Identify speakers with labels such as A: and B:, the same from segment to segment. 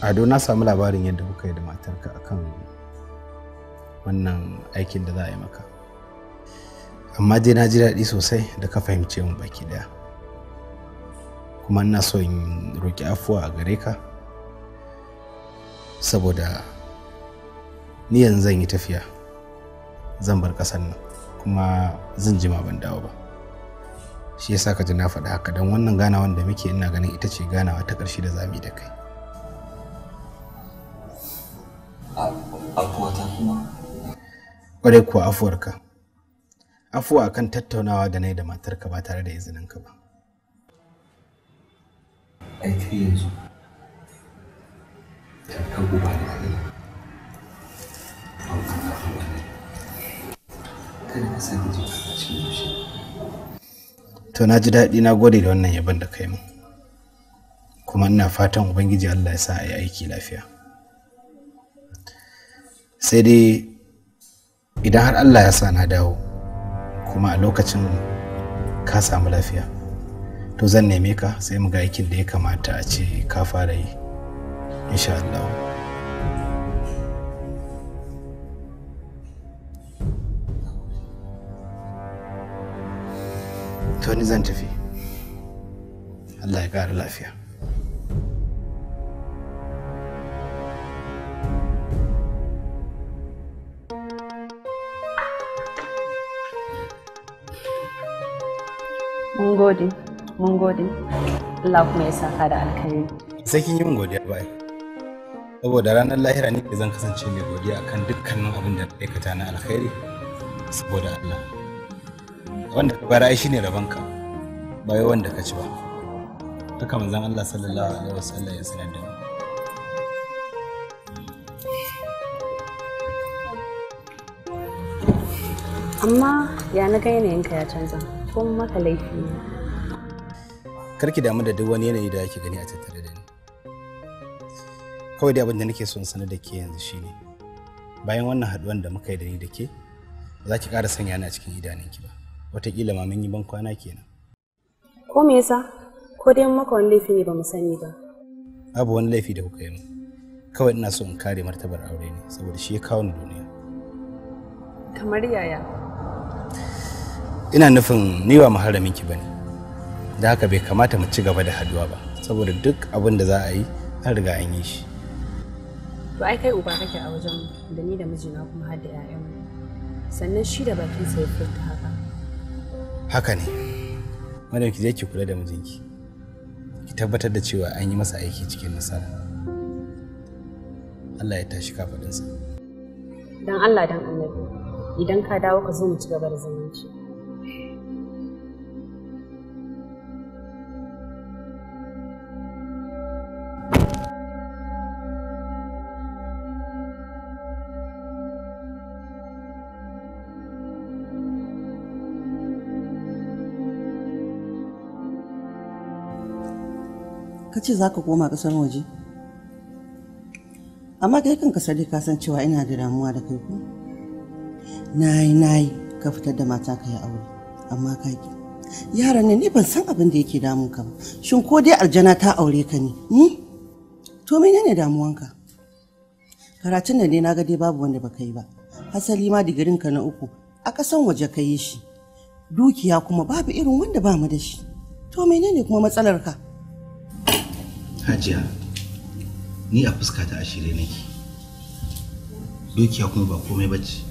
A: ado na samu labarin yadda kuka yi da matarka akan wannan aikin da za a yi maka amma dai na ji daɗi sosai da ka fahimce mu baki ɗaya kuma ina so in roƙi afuwa a gare ka saboda ni yanzu zan yi tafiya zan bar ƙasar nan kuma zan jima ban dawo ba shi yasa ka ji na faɗa haka don wannan ganawan da muke ina ganin ita ce ganawa ta ƙarshe da zamu da kai afuwata kuma kwarai kuwa afuwarka afuwa kan tattaunawa da na da matarka ba tare da izininka ba aiki yanzu ka guba da wani ka jin cikin yaushe to na ji daɗi na gode da wannan yabon da kai mu kuma ina fatan ubangiji allah ya sa a yi aiki lafiya sai dai idan har allah ya sa na dawo kuma a lokacin ka samu lafiya to zan neme ka sai mu ga aikin da ya kamata a ce ka fara yi insha Allah to ni zan tafi Allah ya ƙara lafiya
B: Mun gode, mun gode. Allah kuma ya saka da
C: alkhairi.
A: Sai kin yi mun godiya bai. Saboda ranar lahira ne zan kasance mai godiya akan dukkanin abin da aikata na alkhairi saboda Allah. Wanda ka bara shi ne rabanka, ba wai wanda ka ci ba. Haka manzon Allah sallallahu alaihi wasallam ya sanar da mu.
B: Amma ya na ga yanayinka ya canza. komin maka laifi ne
A: kar ki damu da duk wani yanayi da ake gani a tattare da ni kawai dai abinda nake son sanar da ke yanzu shine bayan wannan haduwan da muka yi da ni da ke ba za ki ƙara sanya ni a cikin idanunki ba wataƙila ma mun yi ban kwana kenan
B: ko me yasa ko dai maka wani laifi ne ba mu sani ba
A: Abu wani laifi da kuka yi mu kawai ina so in kare martabar aure ne saboda shi ya kawo ni duniya
B: kamar yaya
A: ina nufin ni ba muharramin ki bane da haka bai kamata mu ci gaba da haduwa ba saboda duk abin da za a yi an riga an yi shi
B: to ai kai uba kake a wajen da ni da mijina kuma har da ƴaƴan sannan shi da bakin sa ya furta haka
A: haka ne madam ki je ki kula da mijinki ki tabbatar da cewa an yi masa aiki cikin nasara Allah ya tashi kafadinsa
B: Dan Allah dan annabi idan ka dawo ka zo mu ci gaba da zama
D: ka ce za ka koma kasar waje amma kai kan kasar ka san cewa ina da damuwa da kai ko na yi ka fitar da mata ka yi aure amma ka ki yaran nan ni ban san abin da yake damun ka ba shin ko dai aljana ta aure ka ne Ni. to menene damuwanka karatun da ne na ga dai babu wanda baka yi ba hasali ma digirin ka na uku a ƙasan waje ka yi shi dukiya kuma babu irin wanda ba mu da shi to menene kuma matsalar ka
A: hajiya ni a fuskata a shirye nake dukiya kuma ba komai bace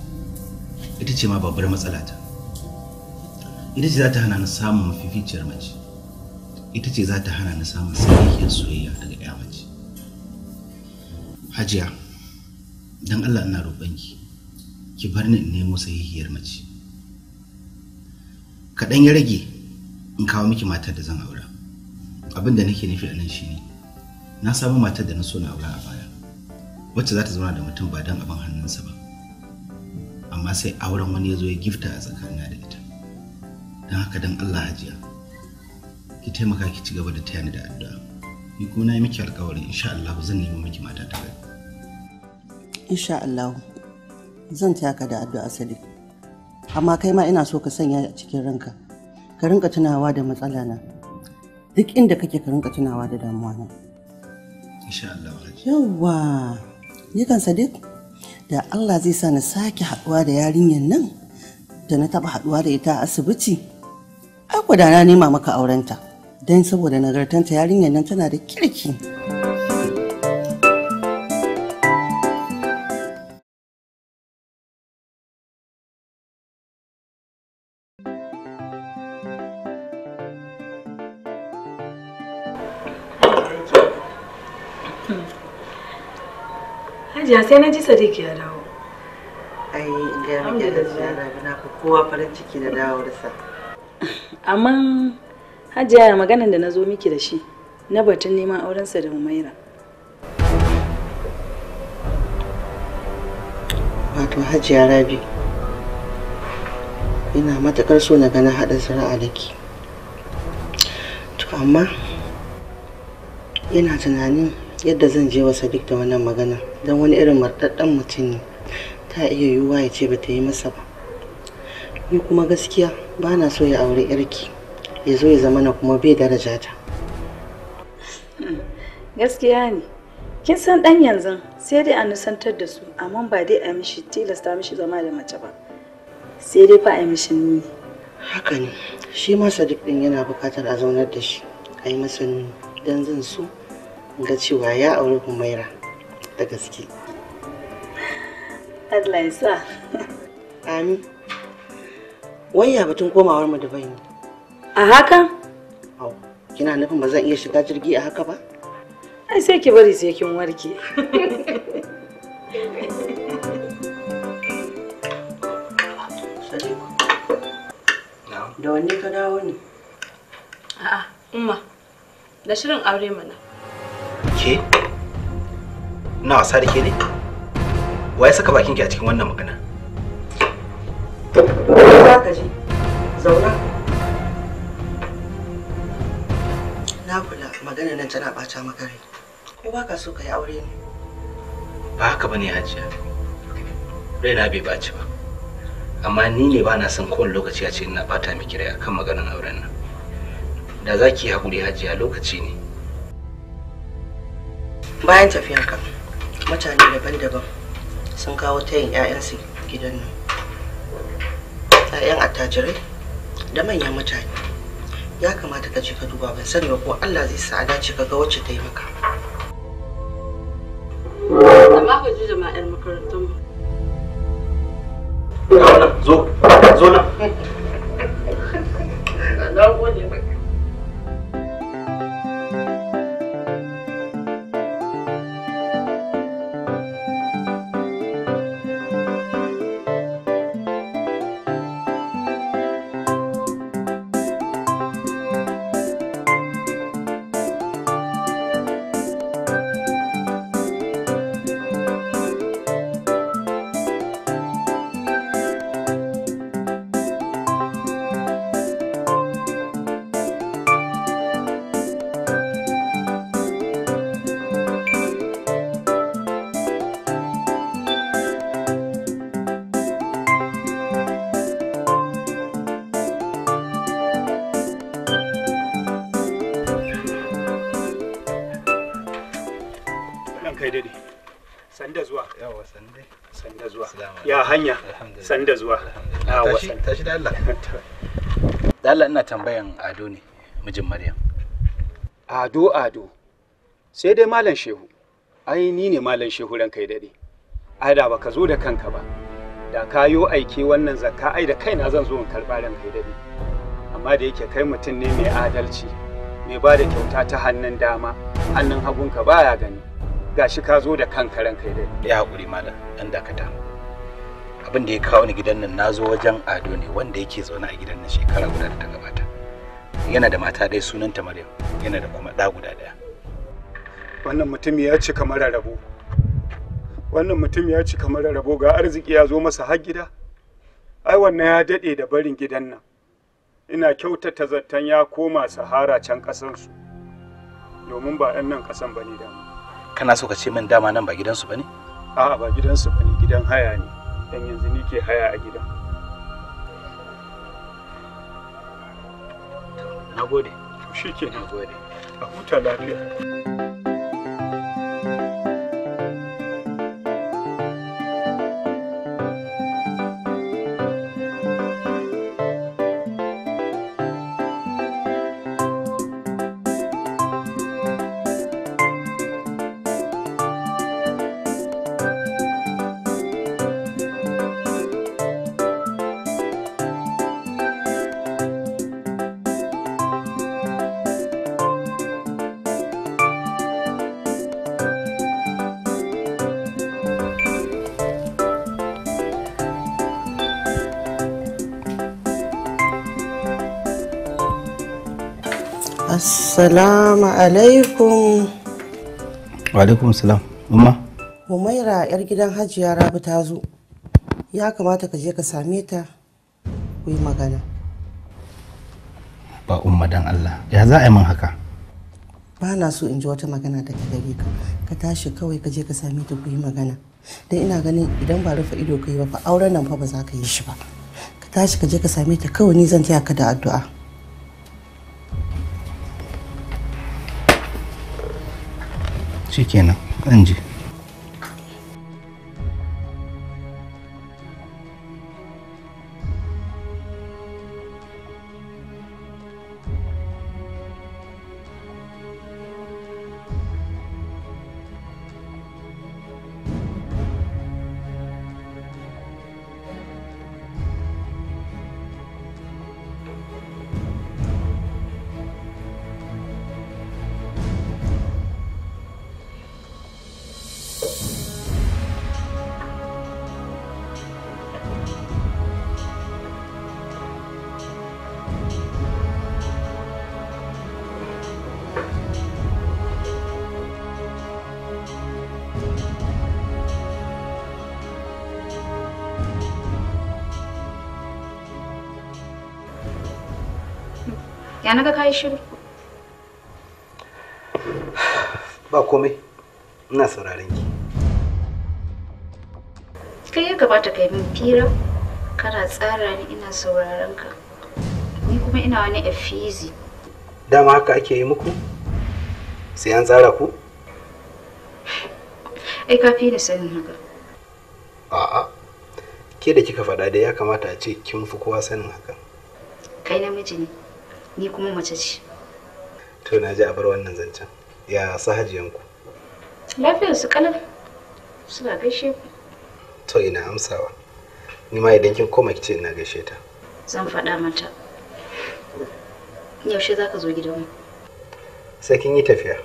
A: ita ce ma babbar matsalata ita ce za ta hana ni samun mafificiyar mace ita ce za ta hana ni samun sahihiyar soyayya daga ya mace hajiya don allah ina roƙonki ki bar ni in nemo sahihiyar mace kaɗan ya rage in kawo miki matar da zan aura abin da nake nufi a nan shine na samu matar da na so na aure a baya wacce za ta zauna da mutum ba don abin hannunsa ba amma sai auren wani ya zo ya gifta a tsakanina da ita don haka don allah hajiya ki taimaka ki ci gaba da tayani da addu'a ni kuma na yi miki alkawari insha allah zan nemi miki mata ta gari
D: insha allah zan taya ka da addu'a sadiq amma kai ma ina so ka sanya a cikin ranka ka rinka tunawa da matsala na duk inda kake ka rinka tunawa da damuwa na Yawwa, yakan sadiq da Allah zai sa na sake haɗuwa da yarinyar nan da na taɓa haɗuwa da ita a asibiti ai da nema maka aurenta don saboda nagartanta yarinyar nan tana da
C: kirki.
B: Hajiya sai na ji Sadiq ya
D: dawo. Ai, in ga da ziyara na fi kowa farin ciki da dawarsa.
B: Amma Hajiya maganar da na zo miki da shi na batun neman aurensa da Umaira.
D: Wato Hajiya Rabi, ina matuƙar so na ganin haɗa sana'a da ke. To amma ina tunanin yadda zan je wa Sadiq da wannan magana don wani irin martaddan mutum ne ta iya yiwuwa ya ce ba ta yi masa ba ni kuma gaskiya ba na so ya aure yarki ya zo ya zama na kuma bai daraja ta
B: gaskiya ne kin san dan yanzu sai dai a nusantar da su amma ba dai a mishi tilasta mishi zama da mace ba
D: sai dai fa a mishi nuni haka ne shi ma sadiq din yana bukatar a zaunar da shi a yi masa nuni dan zan so ga cewa ya auri humaira da gaske
E: Allah ya sa
D: amin waya batun komawar mu dubai ne a haka au kina nufin ba zan iya shiga jirgi a haka ba
B: ai sai ki bari sai kin warke
D: da wanne ka dawo ne
B: a'a umma da shirin aure mana
A: ke na wasa da ke ne waye saka bakinki a cikin wannan magana
C: za ka je zauna
D: na kula magana nan tana ɓata maka rai ko ba ka so ka yi aure ne
A: ba haka ba ne hajiya raina bai ɓaci ba amma ni ne ba na son kowane lokaci a ce ina ɓata miki rai akan maganar auren nan da za ki haƙuri hajiya lokaci ne
D: bayan tafiyarka mutane daban-daban sun kawo tayin 'ya'yansu gidan nan 'ya'yan attajirai da manyan mutane ya kamata ka je ka duba ban sani ba ko Allah zai sa dace ka ga wacce ta maka
B: amma ka ji jama'ar makarantar mu
D: zo zo na
F: kai dade sanda zuwa yawa sanda zuwa ya hanya sanda zuwa yawa sanda
A: tashi ina tambayan Ado ne mijin Maryam Ado Ado sai dai malam Shehu ai ni ne malam Shehu ran kai dade ai da baka zo da kanka ba da kayo aike wannan zakka ai da kaina zan zo in karba ran kai dade amma da yake kai mutum ne mai adalci mai ba da kyauta ta hannun dama hannun hagunka baya gani gashi ka zo da kanka ranka dai ya haƙuri malam dan dakata abin da ya kawo ni gidan nan nazo wajen ado ne wanda yake zaune a gidan nan shekara guda da ta gabata yana da mata dai sunanta maryam yana da kuma ɗa guda ɗaya wannan mutum ya cika kamar rabo
F: wannan mutum ya ci kamar rabo ga arziki ya zo masa har gida ai wannan ya dade da barin gidan nan
A: ina kyautata zaton ya koma sahara can kasansu domin ba ɗan nan ƙasan ba ne da mu kana so ka ce min dama nan ba gidansu bane a'a ba gidansu bane gidan haya ne dan yanzu ni ke haya a gidan nagode shi ke nagode a huta lafiya
D: Assalamu alaikum.
A: Wa alaikum salam. Umma.
D: Umaira yar gidan Hajiya Rabi ta zo. Ya kamata ka je ka same ta ku yi magana.
A: Ba umma dan Allah. Ya za a yi min haka?
D: Ba na so in ji wata magana daga gare ka. Ka tashi kawai ka je ka same ta ku yi magana. Dan ina ganin idan ba rufe ido ka yi ba fa auren nan fa ba za ka yi shi ba. Ka tashi ka je ka same ta kawai ni zan taya ka da addu'a.
A: shikenan zan je
B: Ya ka kai shiru.
A: Ba komai. Ina sauraron ki.
B: Kai ya gabata kai min fira kana tsara ni ina sauraron ka. Ni kuma ina wani efizi.
A: Dama haka ake yi muku? Sai an tsara ku?
B: Ai kafi ni sanin haka.
A: A'a. Ke da kika faɗa da ya kamata a ce kin fi kowa sanin haka.
B: Kai namiji ne. ni kuma mace ce
A: to na ji a bar wannan zancen ya sahajiyanku
B: lafiyar su kalan suna gaishe ku
A: to ina amsawa ni ma idan kin koma kice ina gaishe ta
B: zan faɗa mata yaushe za ka zo gidanmu
A: sai kin yi tafiya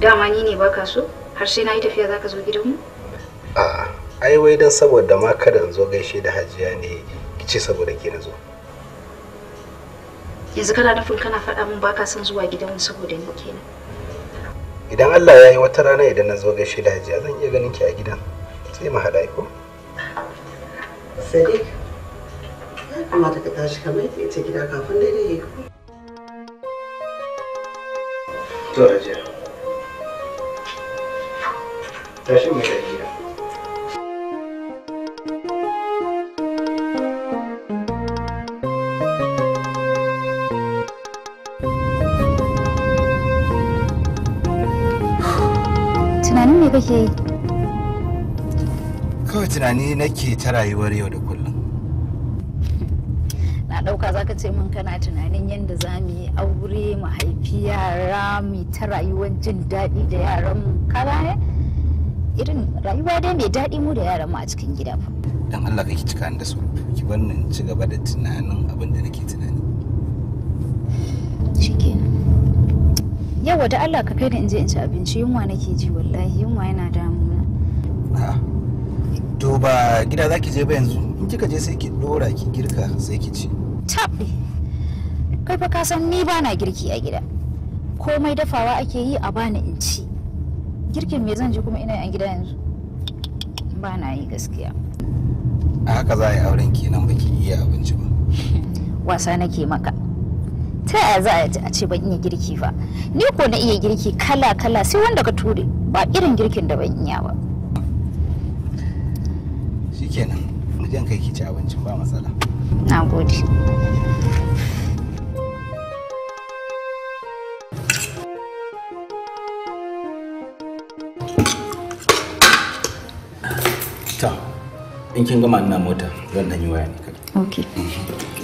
B: dama ni ne baka so har sai na yi tafiya za ka zo gidanmu
A: a'a ai wai don saboda ma kada in zo gaishe da hajiya ne kice saboda ke na zo
B: yanzu kana nufin kana faɗa min baka son zuwa gidanmu saboda ni kenan
A: idan Allah ya yi wata rana idan na zo gaishe da hajiya zan iya ganin ki a gidan sai mu haɗa ko
D: sadiq ya kamata ka tashi kamar yadda ita gida kafin dai dai
A: to hajiya tashi mai da gida kake yi kawai tunani nake ta rayuwar yau da kullum
B: na ɗauka za ka ce min kana tunanin yadda za mu yi aure mu haifi yara mu ta rayuwar jin daɗi da yaran mu kala irin rayuwa dai mai daɗi mu da yaran mu a cikin gida fa
A: dan Allah ki cika da su ki bar ni ci gaba da tunanin abin da nake tunani Cikin.
B: yawa da Allah ka kai da in je in ci abinci yunwa nake ji wallahi yunwa yana damuna
A: to ba gida za ki je ba yanzu in kika je sai ki dora ki girka sai ki ci tabbi
B: kai fa ka san ni ba na girki a gida komai dafawa ake yi a bani in ci girkin me zan ji kuma ina a gida yanzu ba na yi gaskiya
A: a haka za a yi auren kenan baki iya abinci ba
B: wasa nake maka ta yaya za a ce ban iya girki ba ni ko na iya girki kala kala sai wanda ka ture ba irin girkin da ban iya ba
A: shikenan mu jan kai ki ci abincin ba matsala na gode ta in kin gama ina mota zan dan yi waya ne kai
C: okay mm -hmm.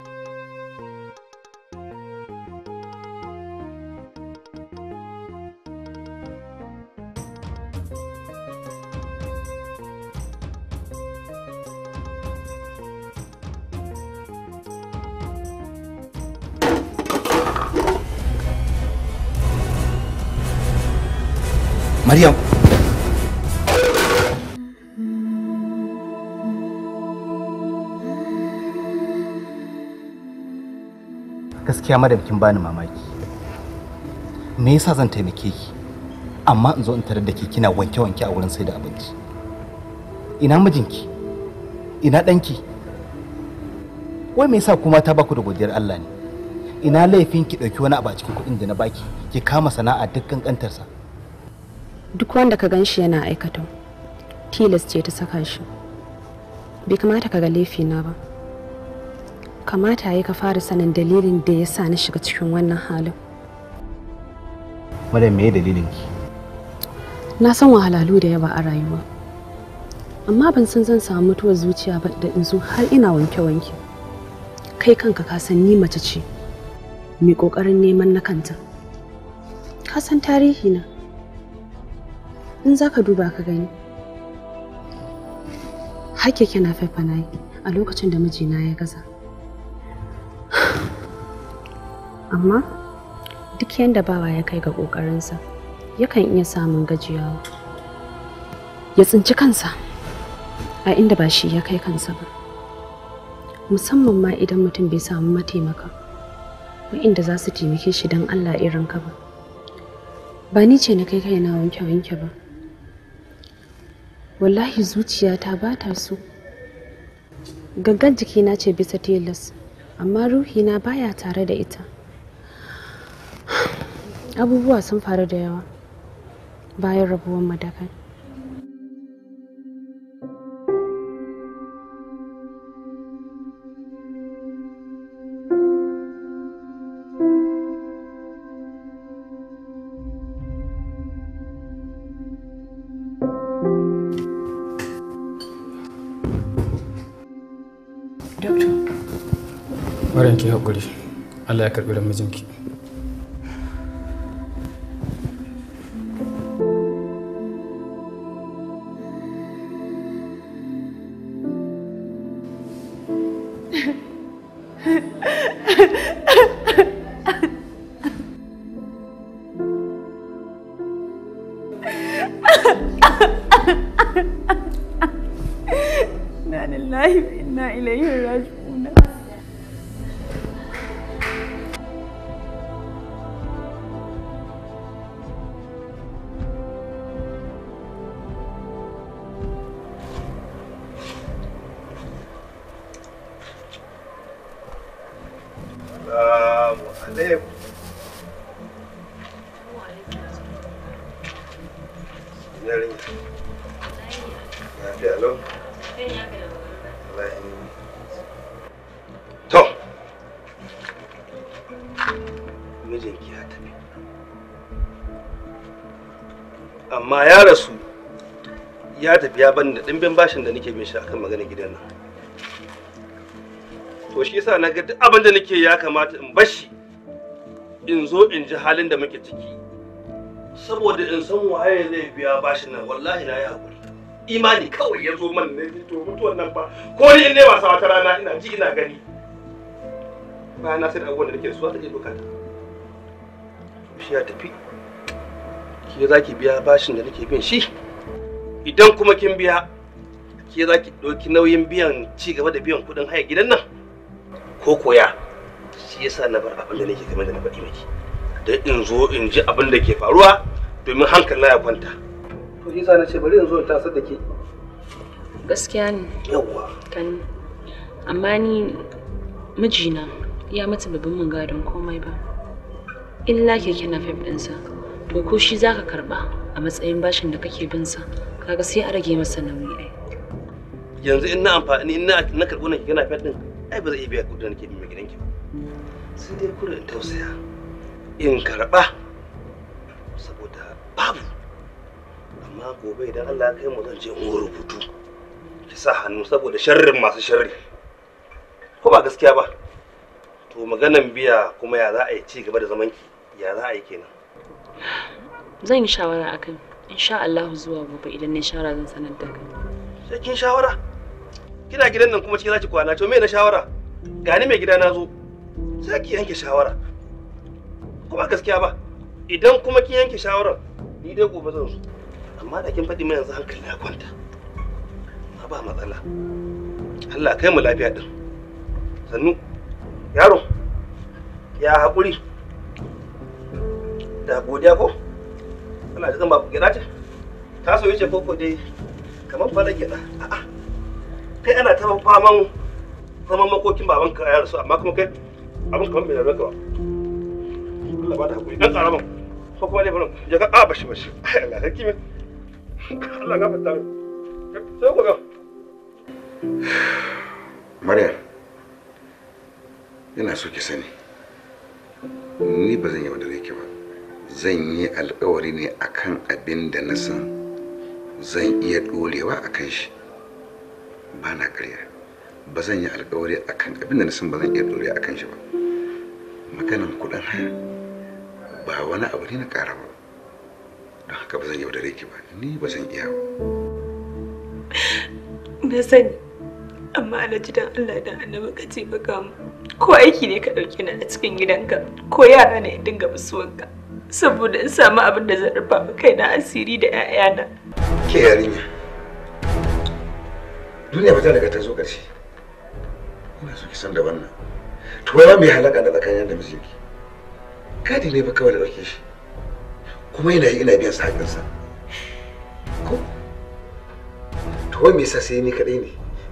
A: gaskiya madam kin bani mamaki me yasa zan taimake ki amma in zo in tarar da ke kina wanke-wanke a wurin sai da abinci ina mijinki ina ɗanki wai me yasa kuma ta baku da godiyar Allah ne ina laifin ki ɗauki wani abu a cikin kuɗin da na baki ki kama sana'a duk kankantarsa
B: duk wanda ka gan shi yana aikata tilas ce ta saka shi bai kamata ka ga laifi na ba kamata yi ka fara sanin dalilin da ya sa na shiga cikin wannan halin
A: madam me dalilin ki
B: na san wahalalu da yawa a rayuwa amma ban san zan samu mutuwar zuciya ba da in zo har ina wanke-wanke kai kanka ka san ni mace ce mai kokarin neman na kanta ka san tarihi na in za ka duba ka gani hakke kina faifa na yi a lokacin da mijina ya gaza amma duk yadda bawa ya kai ga ƙoƙarinsa yakan iya samun gajiyawa ya tsinci kansa a inda ba shi ya kai kansa ba musamman ma idan mutum bai samu mataimaka inda za su taimake shi don allah irin ka ba ba ni ce na kai kaina wanke-wanke ba wallahi zuciyata ba ta so jiki jikina ce bisa telas, amma ruhina baya tare da ita abubuwa sun faru da yawa bayan rabuwar madaka
A: da kai ki haƙuri, Allah ya karɓi
C: da mijinki.
F: ya ban da dimbin bashin da nake bin shi akan magana gidan nan to shi yasa na ga duk abin da nake ya kamata in bashi in zo in ji halin da muke ciki saboda in san waye zai biya bashin nan wallahi na yi hakuri imani kawai ya zo man ne to mutu nan ba ko ni in ne wasa wata rana ina ji ina gani bayan na sai da abubuwan da nake suwa ta iya duka shi ya tafi ki za ki biya bashin da nake bin shi idan kuma kin biya ke za ki ɗauki nauyin biyan ci gaba da biyan kuɗin haya gidan nan ko koya shi yasa na bar abin da nake game da na faɗi miki don in zo in ji abin da ke faruwa domin hankali ya kwanta to shi yasa na ce bari in zo in tasar da ke
B: gaskiya ne yawwa kan amma ni mijina ya mata babban mun gadon komai ba illa keke kina fim ɗinsa to ko shi zaka karba a matsayin bashin da kake bin sa kaga sai a rage masa nauyi ai
F: yanzu in na amfani in na karɓo na kina fat din ai ba zai iya biya kudin nake mai gidanki ba sai dai kura in tausaya in karɓa saboda babu amma gobe idan Allah ya kai mu zan je in rubutu ki sa hannu saboda sharrin masu sharri ko ba gaskiya ba to maganan biya kuma ya za a yi ci gaba da zaman ki ya za a yi kenan
B: zan yi shawara akan insha Allah zuwa gobe idan na shawara zan sanar da kai
F: sai kin shawara kina gidan nan kuma ciki zaki kwana to me na shawara gani mai gida na zo sai ki yanke shawara kuma gaskiya ba idan kuma kin yanke shawara ni dai gobe zan zo amma da kin faɗi mai yanzu hankali na kwanta ba ba matsala Allah kai mu lafiya din sannu yaro ya haƙuri da godiya ko kuna da zama gida ce ta koko dai kamar fara gida a'a kai ana faman zaman makokin baban ka ya rasu amma kuma kai abin kamar mai rarraka ba Allah ba ta hakuri dan ko kuma laifin ya ga a bashi bashi Allah sarki Allah
G: sai ina so ki sani ni ba zan yi wanda ba zan yi alkawari ne akan abin da na san zan iya dorewa a kan shi ba na karya ba zan yi alkawari akan abin da na san ba zan iya dorewa a kan shi ba maganan kudin haya ba wani abu ne na kara ba don haka ba zan dare ki ba ni ba zan iya ba
B: na sani amma alhaji dan Allah dan annabi ka ce mu ko aiki ne ka ɗauki ni a cikin gidanka ko yara ne dinga musuwanka saboda in samu abin da zan rufa kai na asiri da
C: 'ya'yana.
G: Ke yarinya. Duniya fita daga ta zo ƙarshe. Ina so ki san da wannan. To wai mai halaka da tsakanin da mijinki. Kadi ne fa kawai da ɗauke shi. Kuma yana yi ina biyan sa haƙinsa. Ko? To wai me yasa sai ni kaɗai ne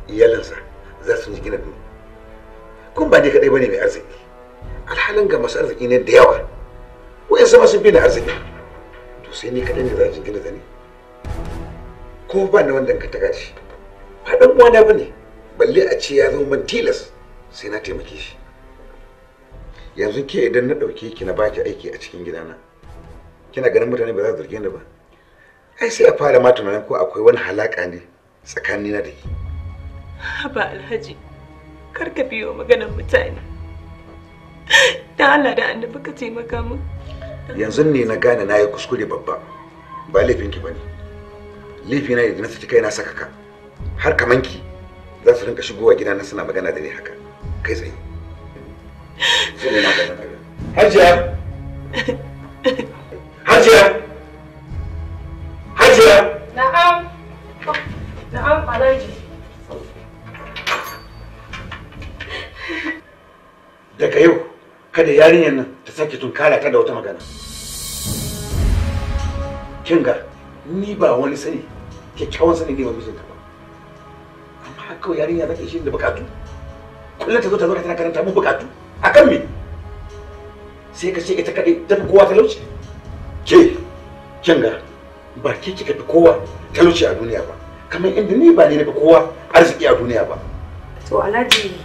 G: iyalansa za su ji gina Kun ba dai kaɗai bane mai arziki. Alhalin ga masu arziki ne da yawa. in sama sun fi na arziki to sai ni kaɗai ne za a jingina da ni ba ni wanda ka taga shi ba ɗan uwana ba ne balle a ce ya zama man tilas sai na taimake shi yanzu ke idan na ɗauke ki na baki aiki a cikin gidana kina ganin mutane ba za su zarge ni ba ai sai a fara ma tunanin ko akwai wani halaƙa ne tsakanina da ke
B: haba alhaji kar ka biyo maganar mutane ta Allah
C: da annabi ka taimaka min
G: yanzu ne na gane na yi kuskure babba ba laifinki ba ne laifi na da na saki kai na saka ka har kamanki za su rinka shigowa gida na suna magana da ni haka kai tsaye
F: hajiya hajiya
B: hajiya na'am na'am alhaji
G: daga yau kada yarinyar nan ta sake tunkara ta da wata magana kinga ni ba wani sani kyakkyawan sani ne ba mijinta ba amma kawai yarinya za ta shi da bukatu kullum ta zo ta zo tana karanta mu bukatu akan me sai ka ce ita kadai ta fi kowa talauci ke kinga ba ke kika fi kowa talauci a duniya ba kamar inda ni ba ne na fi kowa arziki a duniya ba
B: to alhaji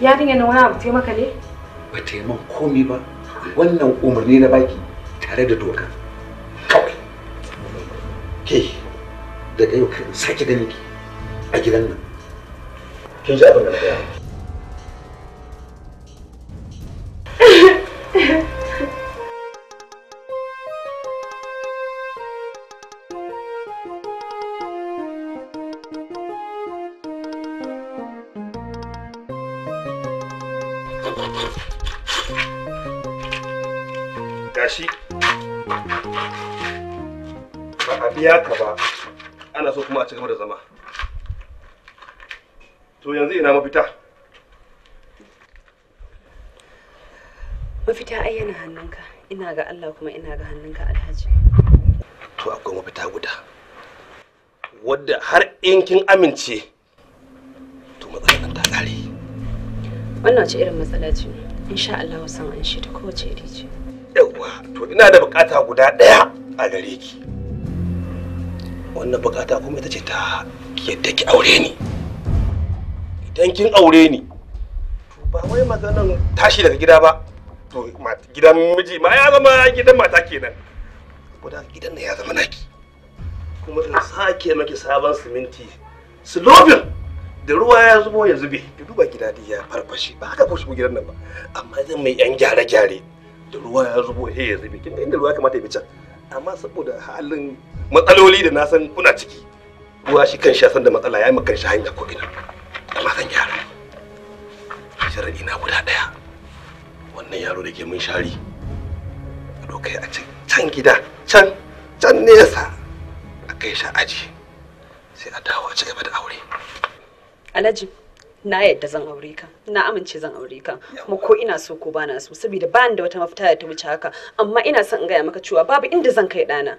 B: yarinya na wani abu taimaka ne
G: ba ta yi min komi ba wannan umarni na baki tare da doka kawai ke daga yau kan sake ganin ki a gidan nan kin ji abin da na
F: gaba da zama to yanzu ina mafita
B: mafita ayyana hannunka ina ga Allah kuma ina ga hannunka alhaji
F: to akwai mafita guda wadda har in kin amince to matsalar
B: ta kare wannan ce irin matsala ce insha Allah san an shi ta kowace iri
F: yauwa to ina da bukata guda daya a gare ki wannan bukata kuma ita ce ta yadda ki aure ni idan kin aure ni to ba wai maganan tashi daga gida ba to gidan miji ma ya zama gidan mata kenan saboda gidan ne ya zama naki kuma in sake maki sabon siminti slobin da ruwa ya zubo ya zube da duba gida ya farfashe ba haka ko shi gidan nan ba amma zan mai yan gyare-gyare da ruwa ya zubo ya zube kin da inda ruwa kamata ya bi can amma saboda halin matsaloli da na san kuna ciki ruwa shi kan san da matsala ya yi makan shi hanya ko gina amma zan gyara sharadi na guda ɗaya wannan yaro da ke mun shari a dokai a can gida can can
A: nesa a kai shi aji sai a dawo a ci gaba da aure
B: alhaji na yadda zan aure ka na amince zan aure ka kuma ko ina so ko bana so saboda ba da wata mafita ta wuce haka amma ina son in gaya maka cewa babu inda zan kai ɗana.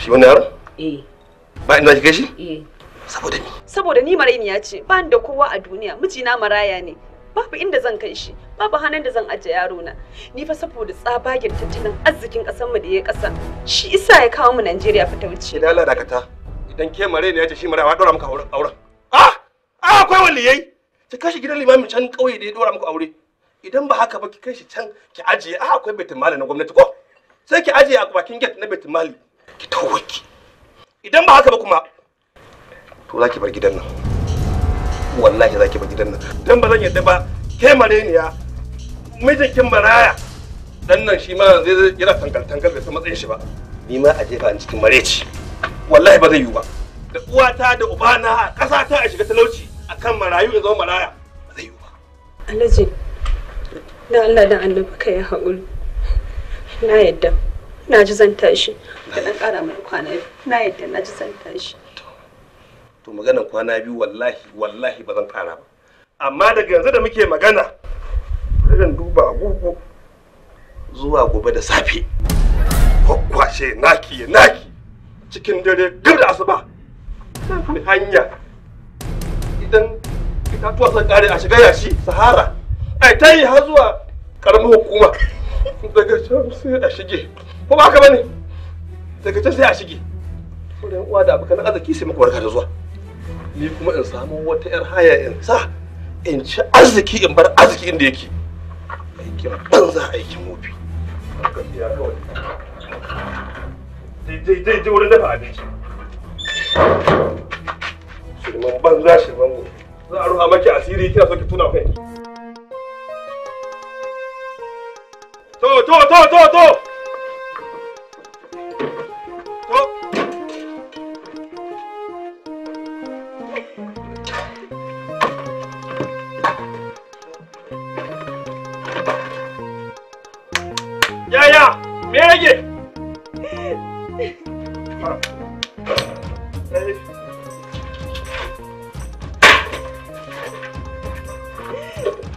B: shi wannan yaron? eh ba inda kike shi? eh saboda ni saboda ni ya ce ba da kowa a duniya mijina maraya ne babu inda zan kai shi babu hannun da zan aje yaro na ni fa saboda tsabagen tattalin arzikin kasar mu da ya kasa shi isa ya kawo mu Najeriya fita wuce
F: idan dakata idan ke maraini ne ya ce shi mare wa dora maka auren ah Ah, akwai wani yayi ta kashi gidan limamin can kauye da ya dora muku aure idan ba haka ba ki kai shi can ki ajiye a ah, akwai baitul mali na gwamnati ko sai ki ajiye a bakin gate na baitul mali ki tawaki idan ba haka ba kuma to za ki bar gidan nan wallahi za ki bar gidan nan dan ba zan yadda ba ke mareniya mijin kin maraya dan nan shi ma zai yana tangal tangal bai san matsayin shi ba ni ma a jefa in cikin mareci wallahi ba zai yiwu ba da uwata da ubana a ƙasa ta a shiga talauci akan marayu ya zama maraya ba zai yi
B: ba alhaji dan Allah dan annabi baka ya haƙuri na yadda na ji zan tashi Ka dan ƙara mai kwana biyu na yadda na ji zan tashi
F: to maganan kwana biyu wallahi wallahi ba zan ƙara ba amma daga yanzu da muke magana zan duba agogo zuwa gobe da safe kwakwashe naki naki cikin dare duk da asuba hanya idan itatuwa sun kare a shiga yashi sahara ai ta yi har zuwa karamin hukuma daga can sai a shige ko ba ka bane daga can sai a shige sauran uwa da abokan arziki sai muku barka da zuwa ni kuma in samu wata yar haya in sa in ci arziki in bar arziki inda yake aikin banza aikin mofi daidai wurin dafa abinci shirman banza shirman gobe za a ruha maki asiri kina so ki tuna kanki to to to to to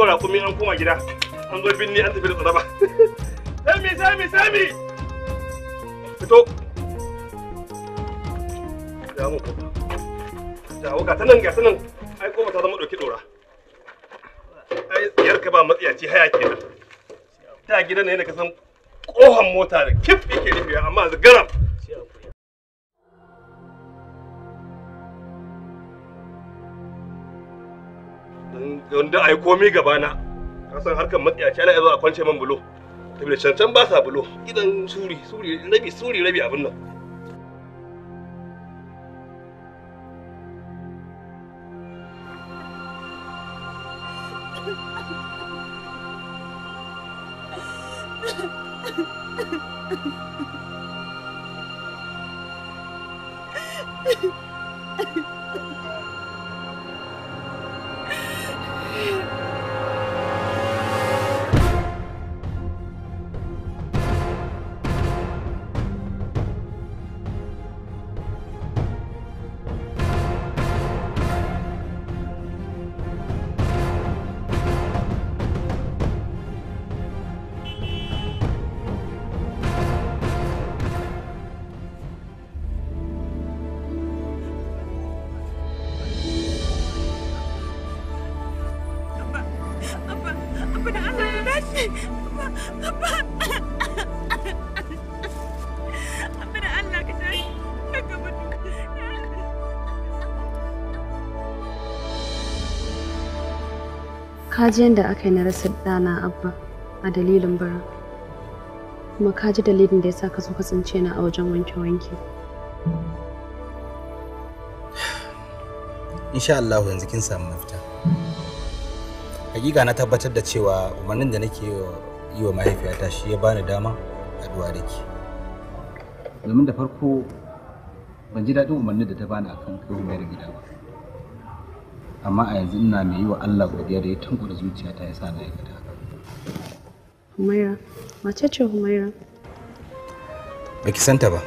F: kiwon rakumi an koma gida an zo binni an tafi da tsaraba sami sami sami fito ya muku jawo ga tanan ga tanan ai koma ta zama doki dora ai yar ka ba matsiya matsiyaci haya ke ta gidan ne da ka san ƙohon mota da kif yake rufe amma garam Yanda a yi komi gabana, ka san harkar matsiyaci ana yanzu a kwance man bulo. Saboda cancan ba sa bulo, gidan suri, suri, rabi, suri, rabi abin nan.
B: ji yadda aka yi na rasa ɗana abba a dalilin bara kuma ka ji dalilin da ya sa ka zo ka tsince na a wajen wanke-wanke
A: insha Allah yanzu kin samu mafita hakika na tabbatar da cewa umarnin da nake yi wa mahaifiyata shi ya bani dama a da ke domin da farko ban ji daɗin umarnin da ta bani akan kai mai gida ba amma a yanzu ina mai yi wa Allah godiya da ya tankwara zuciyata ya sa na yi aikata
B: Humaira mace ce Humaira
A: ba ki santa ba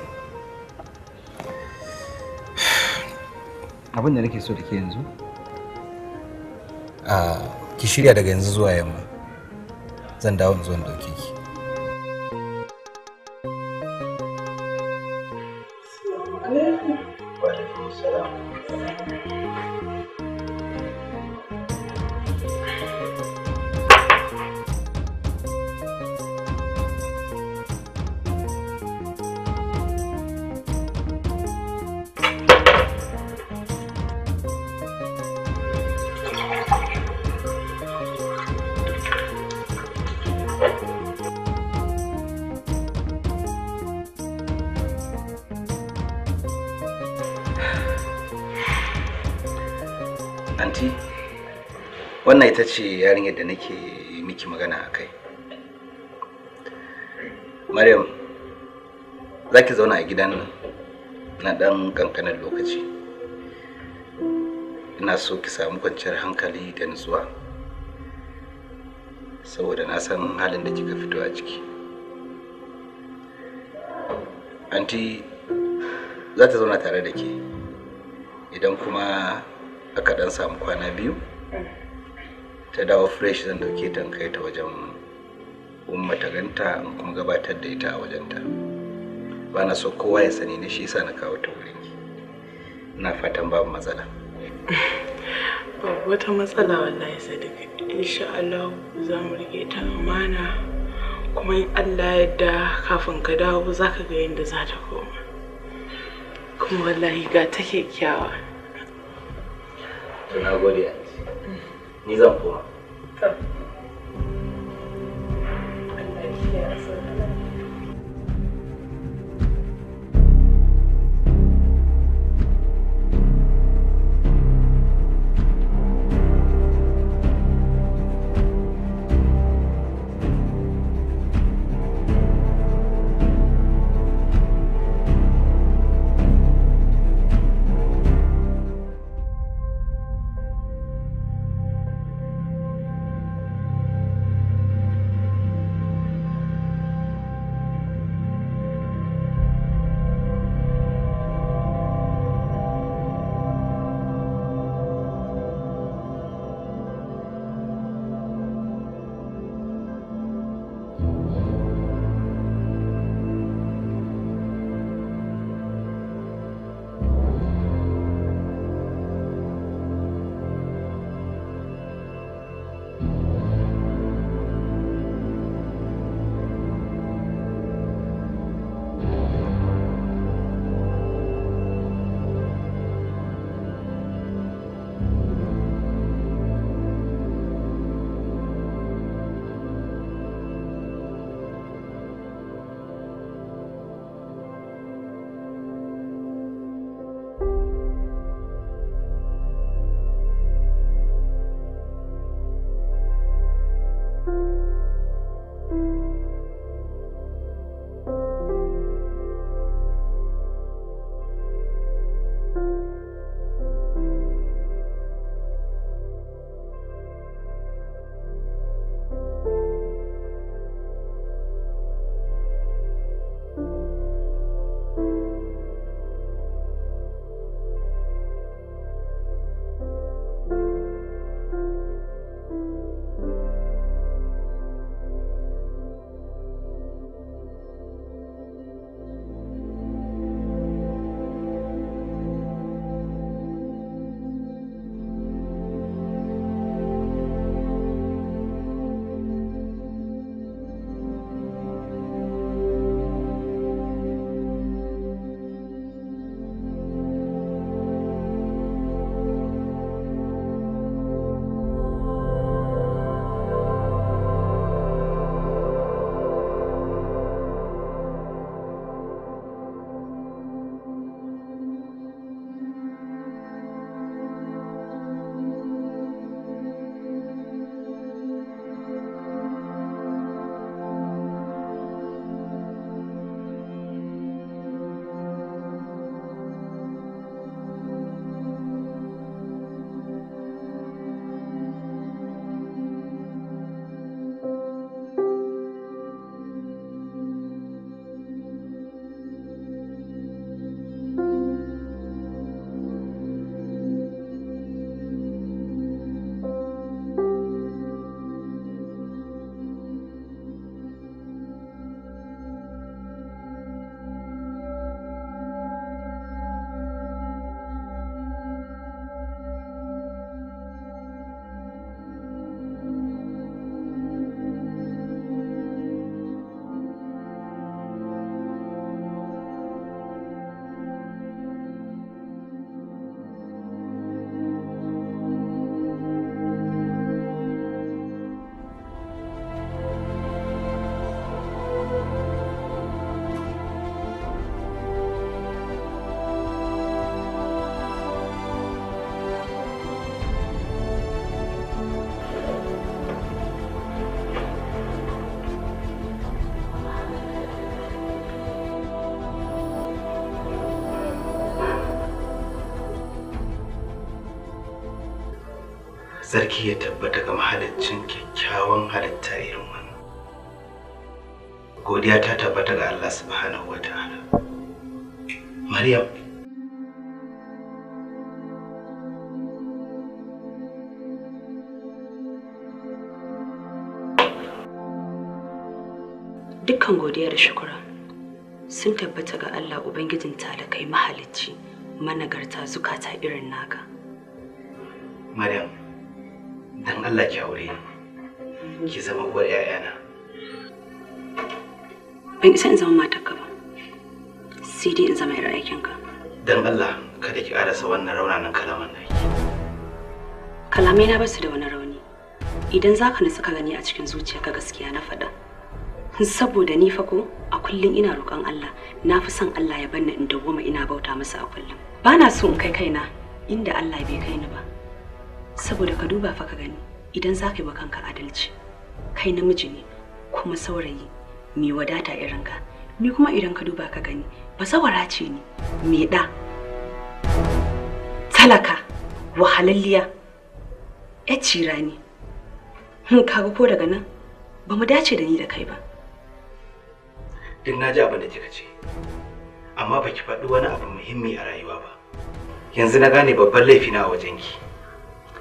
A: abin da nake so da ke yanzu ah, ki shirya daga yanzu zuwa yamma zan dawo in zo in anti wannan ita ce yarinyar da nake miki magana a kai maryam za ki zauna a gidan nan na ɗan ƙanƙanin lokaci ina so ki samu kwanciyar hankali da nutsuwa saboda na san halin da kika fito a ciki anti za ta zauna tare da ke idan kuma aka dan samu kwana biyu mm. ta dawo fresh zan dauke ta kai ta wajen umma ta ganta in kuma gabatar da ita a wajenta ba na so kowa ya sani ne shi yasa na kawo ta wurin ki ina fatan babu matsala
C: babu wata matsala wallahi sadiq insha Allah za mu rike ta amana
B: kuma in Allah yadda kafin ka dawo zaka ga yadda za ta koma kuma wallahi ga take kyawa
A: to na gode anti ni zan koma
C: Allah ya
A: sarki ya tabbata ga mahaliccin kyakkyawan halitta irin wannan godiya ta tabbata ga Allah subhanahu wa ta'ala
C: maryam
B: dukkan godiya da shukura sun tabbata ga Allah Ubangijin talakai mahalicci managarta zukata irin naka.
A: Maryam. dan Allah ki aure ni ki zama uwar ƴaƴana
B: ban isa in zama ka ba sai dai in zama yar aikinka
A: dan Allah kada ki karasa wannan raunanan kalaman nan
B: kalamai na basu da wani rauni idan zaka nasu ka gani a cikin zuciya ka gaskiya na faɗa saboda ni fa ko a kullum ina roƙon Allah na fi son Allah ya banna in dawoma ina bauta masa a kullum ba na so in kai kaina inda Allah bai kai ni ba saboda ka duba fa ka gani idan za ka yi wa kanka adalci kai namiji ne kuma saurayi mai wadata irin ka ni kuma idan ka duba ka gani ba sawara ce ni mai ɗa talaka wahalalliya ya cira ni hmm, kaga ko daga nan ba mu dace da ni da
A: kai ba duk na ji abin da kika ce amma baki faɗi wani abu muhimmi a rayuwa ba yanzu na gane babban na a wajenki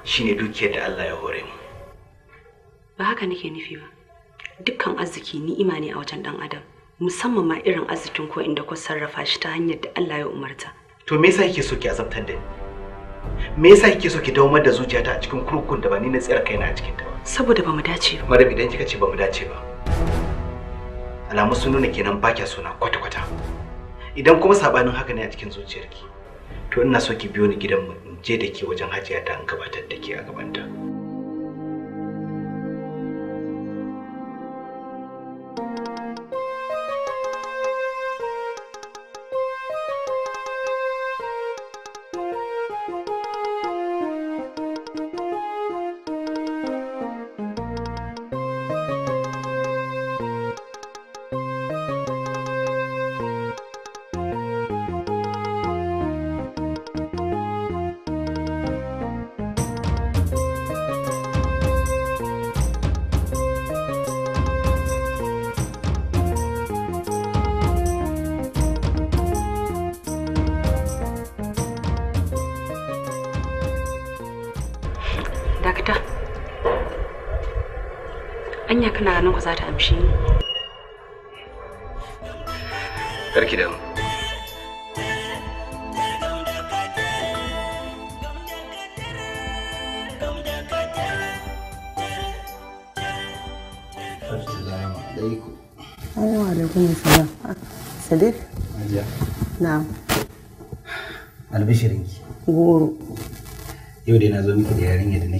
A: shine dukiyar da Allah ya hore mu
B: ba haka nake nufi ba dukkan arziki ni'ima ne a wajen dan adam musamman ma irin arzikin ko inda ku sarrafa shi ta hanyar da Allah ya umarta
A: to me yasa kike so ki azabtar da ni me yasa kike so ki dawomar da zuciyata a cikin kurkukun da ba ni na tsayar kaina a cikin ta
B: saboda ba mu dace ba
A: madam idan kika ce ba mu dace ba alamu sun nuna kenan ba kya sona kwata kwata idan kuma sabanin haka ne a cikin zuciyarki to ina so ki biyo ni gidan mu je da ke wajen hajiya ta an gabatar da
C: ke a gabanta.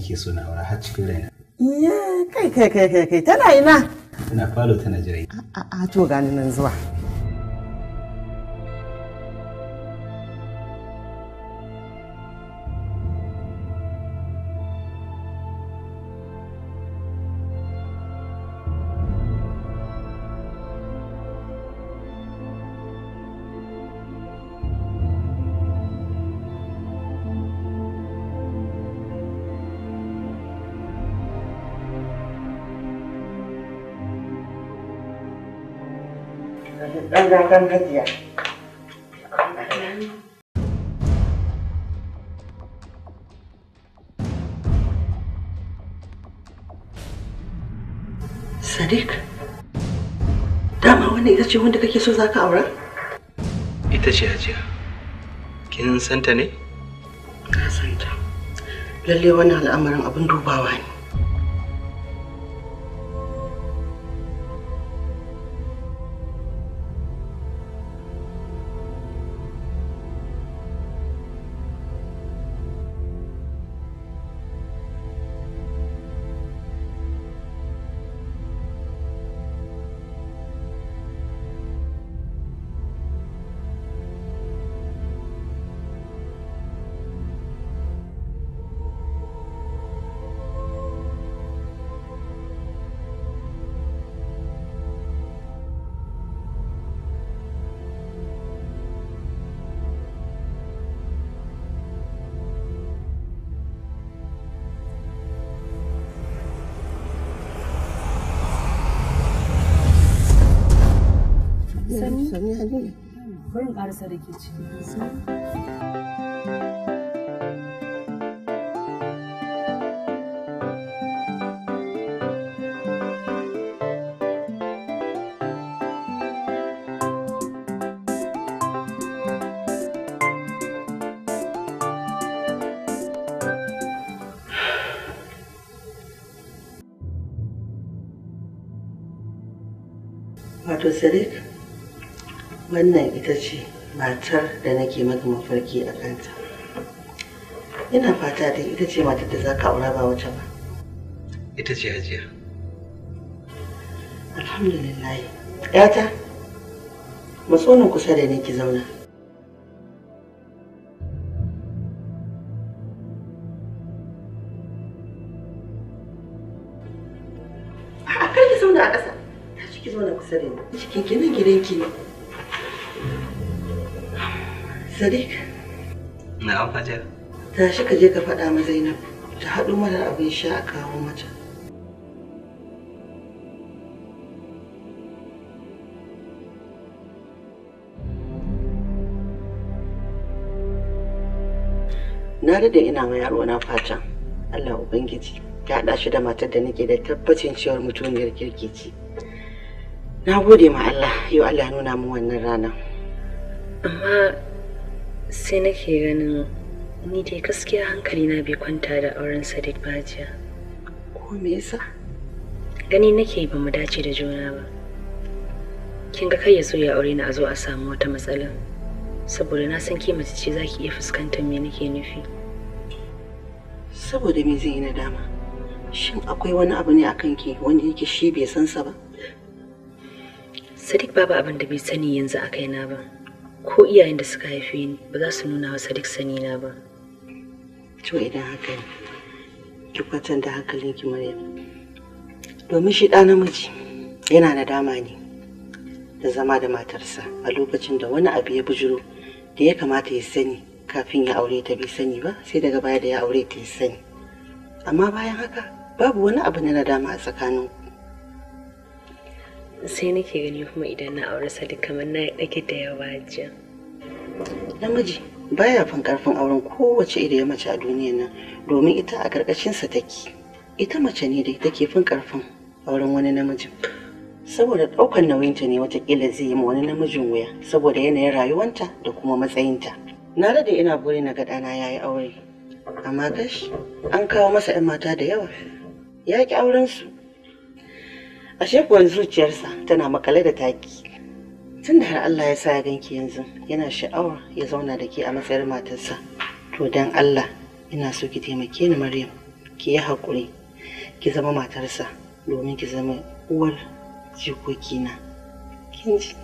A: nake so na aura har cikin raina eh,
D: iya kai kai kai kai tana ina
A: tana falo tana jirai
D: a to gani nan zuwa Sadiq, dama wannan ita ce wanda kake so za ka aura?
A: Ita ce hajiya. Kin santa ne?
D: Na santa. Lalle wannan al'amarin abin dubawa ne.
B: halin da
C: ke
D: wato sadiq wannan ita ce matar da nake maka mafarki a kanta ina fata da ita ce matar da za ka aura ba wata ba
A: ita ce hajiya
D: alhamdulillah yata matsonin kusa da ni ki zauna tashi ka je ka faɗa ma zainab ta haɗu mana abin sha a kawo mata na da ina ma yaro na fata, allah ubangiji ya haɗa shi da matar da nake da tabbacin cewar mutuniyar kirki ce na gode ma allah yau allah nuna min wannan rana
B: amma sai nake ganin Ni dai gaskiya hankali na bai kwanta da auren Sadiq Bajiya.
D: Ko me yasa?
B: Gani nake ba mu dace da juna ba. Kin ga kai ya so ya aure ni a zo a samu wata matsala. Saboda na san ke mace ce zaki iya fuskantar me nake nufi.
D: Saboda me zai yi nadama? Shin akwai wani abu ne akan ki wanda yake shi bai san sa ba? Sadiq babu abin da bai sani yanzu a kaina ba. Ko iyayen da suka haife ni ba za su nuna wa Sadiq sani na ba. to idan haka ne ki kwatan da ki maryam domin shi ɗa namiji yana da dama ne da zama da matarsa a lokacin da wani abu ya bujuro da ya kamata ya sani kafin ya aure ta bai sani ba sai daga baya da ya aure ta ya sani amma bayan haka babu wani abu na nadama a tsakanin sai nake gani kuma idan na aure sadi kamar na dake da yawa jiya namiji baya fin karfin auren kowace iri mace a duniyar nan domin ita a karkashinsa take ita mace ne da take fin karfin auren wani namijin saboda ɗaukar nauyinta ne watakila zai yi ma wani namijin wuya saboda yanayin rayuwanta da kuma matsayinta na da ina buri na ga dana yayi yi aure amma gash an kawo masa 'yan mata da yawa ya ki aurensu ashe kuwa zuciyarsa tana makale da taki tun da har Allah ya sa ya ganki yanzu yana sha'awa ya zauna da ke a matsayin matarsa to dan Allah ina so ki taimake ni Maryam ki yi hakuri ki zama matarsa domin ki zama uwar
C: jikokina kin ji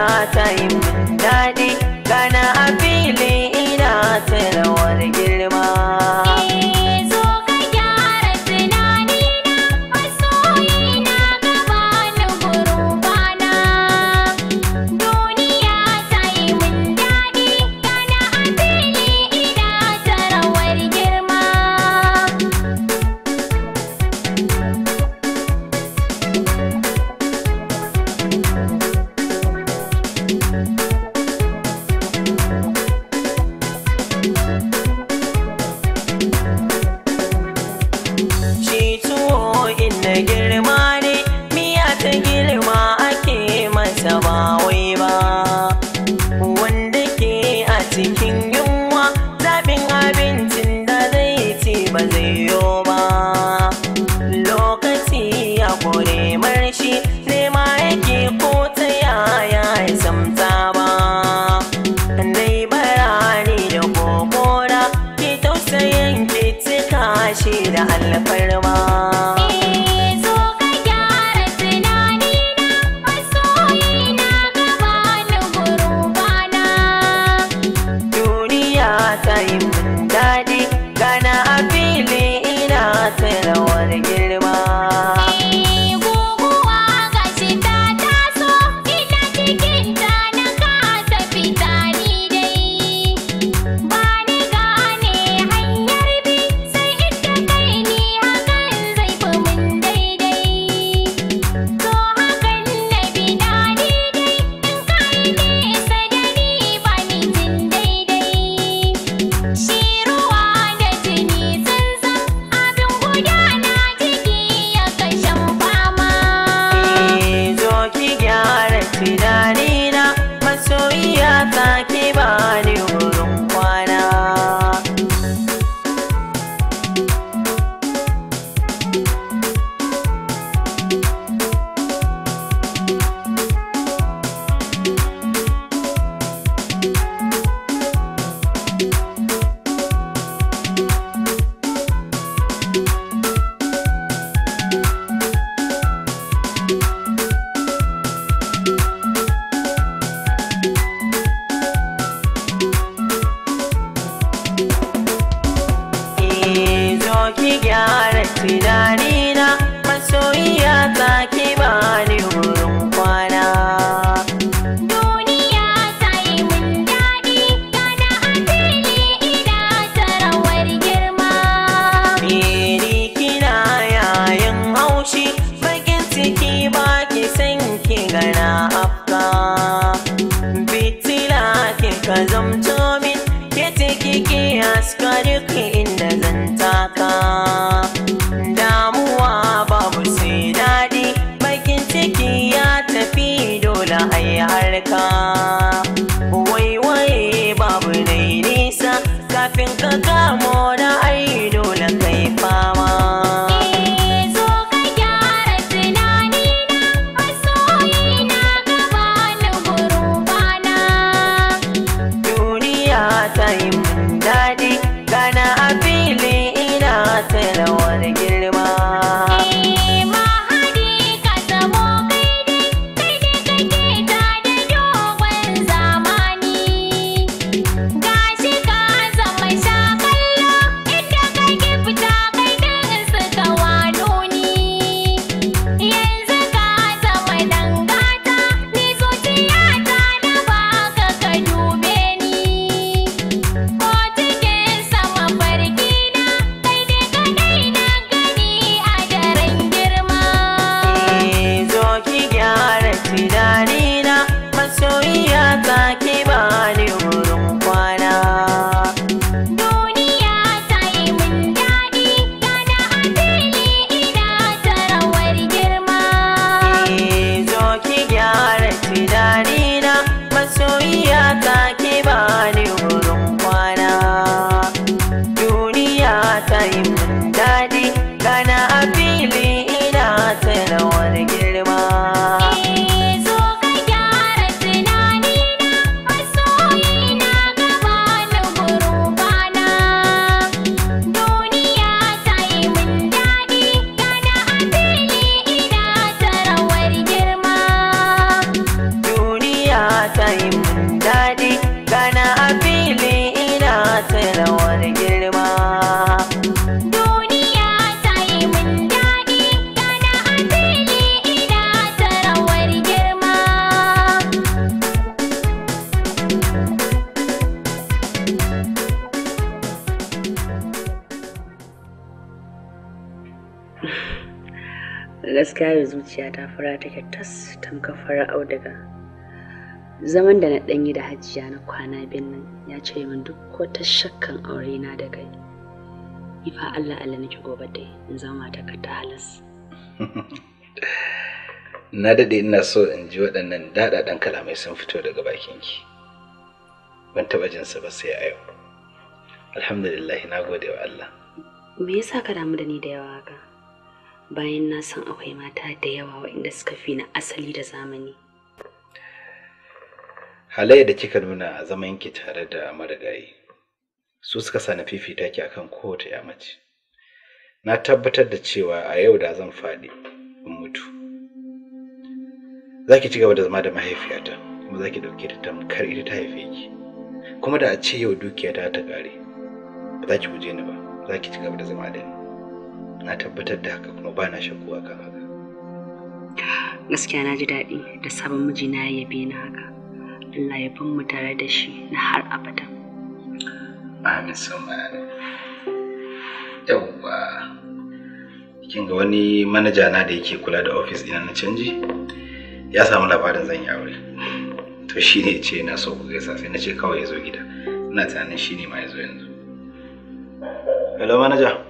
E: ina ta yi kana a fili ina talawar girma yi daɗi gana a fili ina wani girma
B: gaskiya zuciya ta fara take tas tamkar fara auduga zaman da na ɗan yi da hajiya na kwana bin nan ya ce min duk wata shakkan aure na da kai ifa Allah Allah nake gobe dai in zama ta ka ta halas
A: na dade ina so in ji waɗannan dadadan kalamai sun fito daga bakin ki. ban taɓa jin sa ba sai a yau alhamdulillah na gode wa Allah
B: me yasa ka damu da ni da yawa haka bayan na san akwai mata da yawa waɗanda suka fi na asali da zamani.
A: Halayya da kika nuna a zaman ki tare da marigayi, su suka sa na fifita ki akan kowace ya mace. Na tabbatar da cewa a yau da zan faɗi in mutu. Za ki ci gaba da zama da mahaifiyata, kuma za ki ɗauke da tamkar ita ta haife ki. Kuma da a ce yau dukiyata ta ƙare, ba za ki guje ni ba, za ki ci gaba da zama da ni. na tabbatar da haka kuma ba na a kan haka
B: gaskiya na ji daɗi da sabon mijina ya yabe na haka Allah ya bin mu tare da shi na har abada
A: amin sama yawwa kin ga wani manaja na da yake kula da ofis ɗina na canji ya samu labarin zan yi aure to shi ne ce na so ku gaisa sai na ce kawai ya zo gida ina tunanin shi ne ma ya zo yanzu hello manaja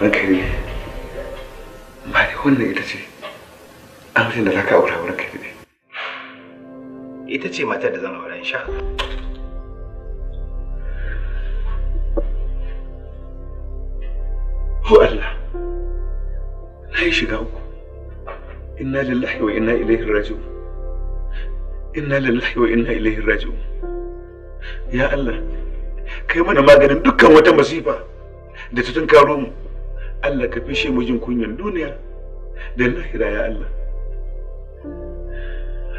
G: ranka ne ba dai wannan ita ce
A: amshin da za ka aura wurin kai ne ita ce matar da zan aura insha Allah
G: ko Allah na yi shiga uku inna lillahi wa inna ilaihi raji'un inna lillahi wa inna ilaihi raji'un ya Allah kai mana maganin dukkan wata masifa da ta tunkaro mu Allah ka fishe mu jin kunyan duniya da lahira ya Allah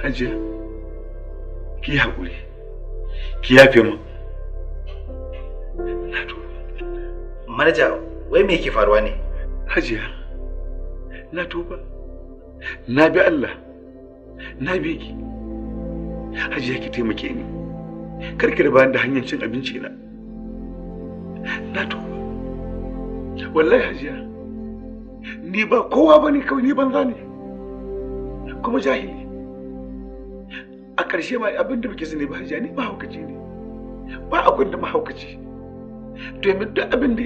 G: hajiya ki haƙuri
A: ki yafe mu manaja wai me yake faruwa ne hajiya na tuba na bi Allah na bi ki hajiya ki taimake ni
G: karki da bayan da hanyar cin abinci na na tuba wallahi hajiya ni ba kowa ba ne kawai ni banza ne kuma jahili a ƙarshe ba abin da muke zane ba hajiya ni haukaci ne ba abin da mahaukaci domin duk abin da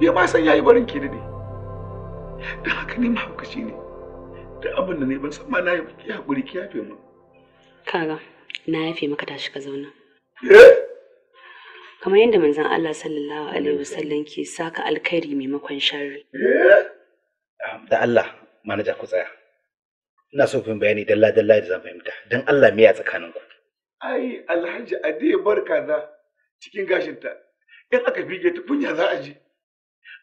G: ya ma san yayi barin ke da ne da haka ni mahaukaci ne da abin da ne ban san ma na yi ki hakuri ki yafe mu
B: kaga na yafe maka tashi ka zauna eh kamar yadda manzon Allah sallallahu alaihi wasallam ke saka alkhairi maimakon sharri
A: da Allah manaja ku tsaya ina so fin bayani dalla dalla da zan fahimta dan Allah me ya tsakanin ku
B: ai alhaji ade
G: barka da cikin gashinta in aka bige ta kunya za a ji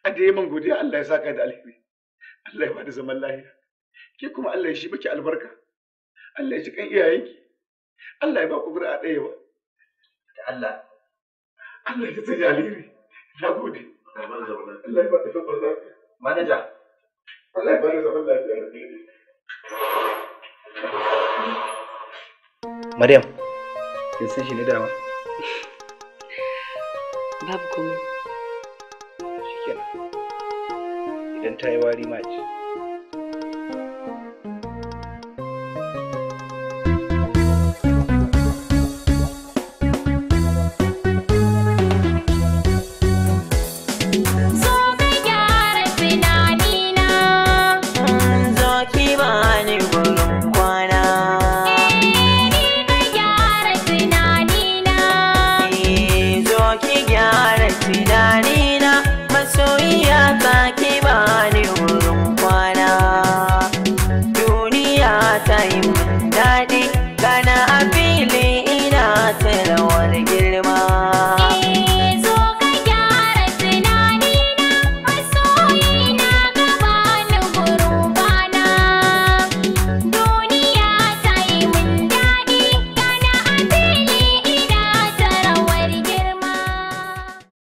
G: ade man godiya Allah ya saka da alheri Allah ya bada zaman lafiya ke kuma Allah ya shi miki albarka Allah ya ji kan iyayenki Allah ya ba ku gura a ɗaya ba
F: da Allah Allah ya ta jariri. Na gode. Allah ya
C: ba sabon Manaja. Allah ya ba sabon
A: Maryam, kin san shi ne dama?
B: Babu komai. Shikenan.
A: Idan ta yi wari ma ce.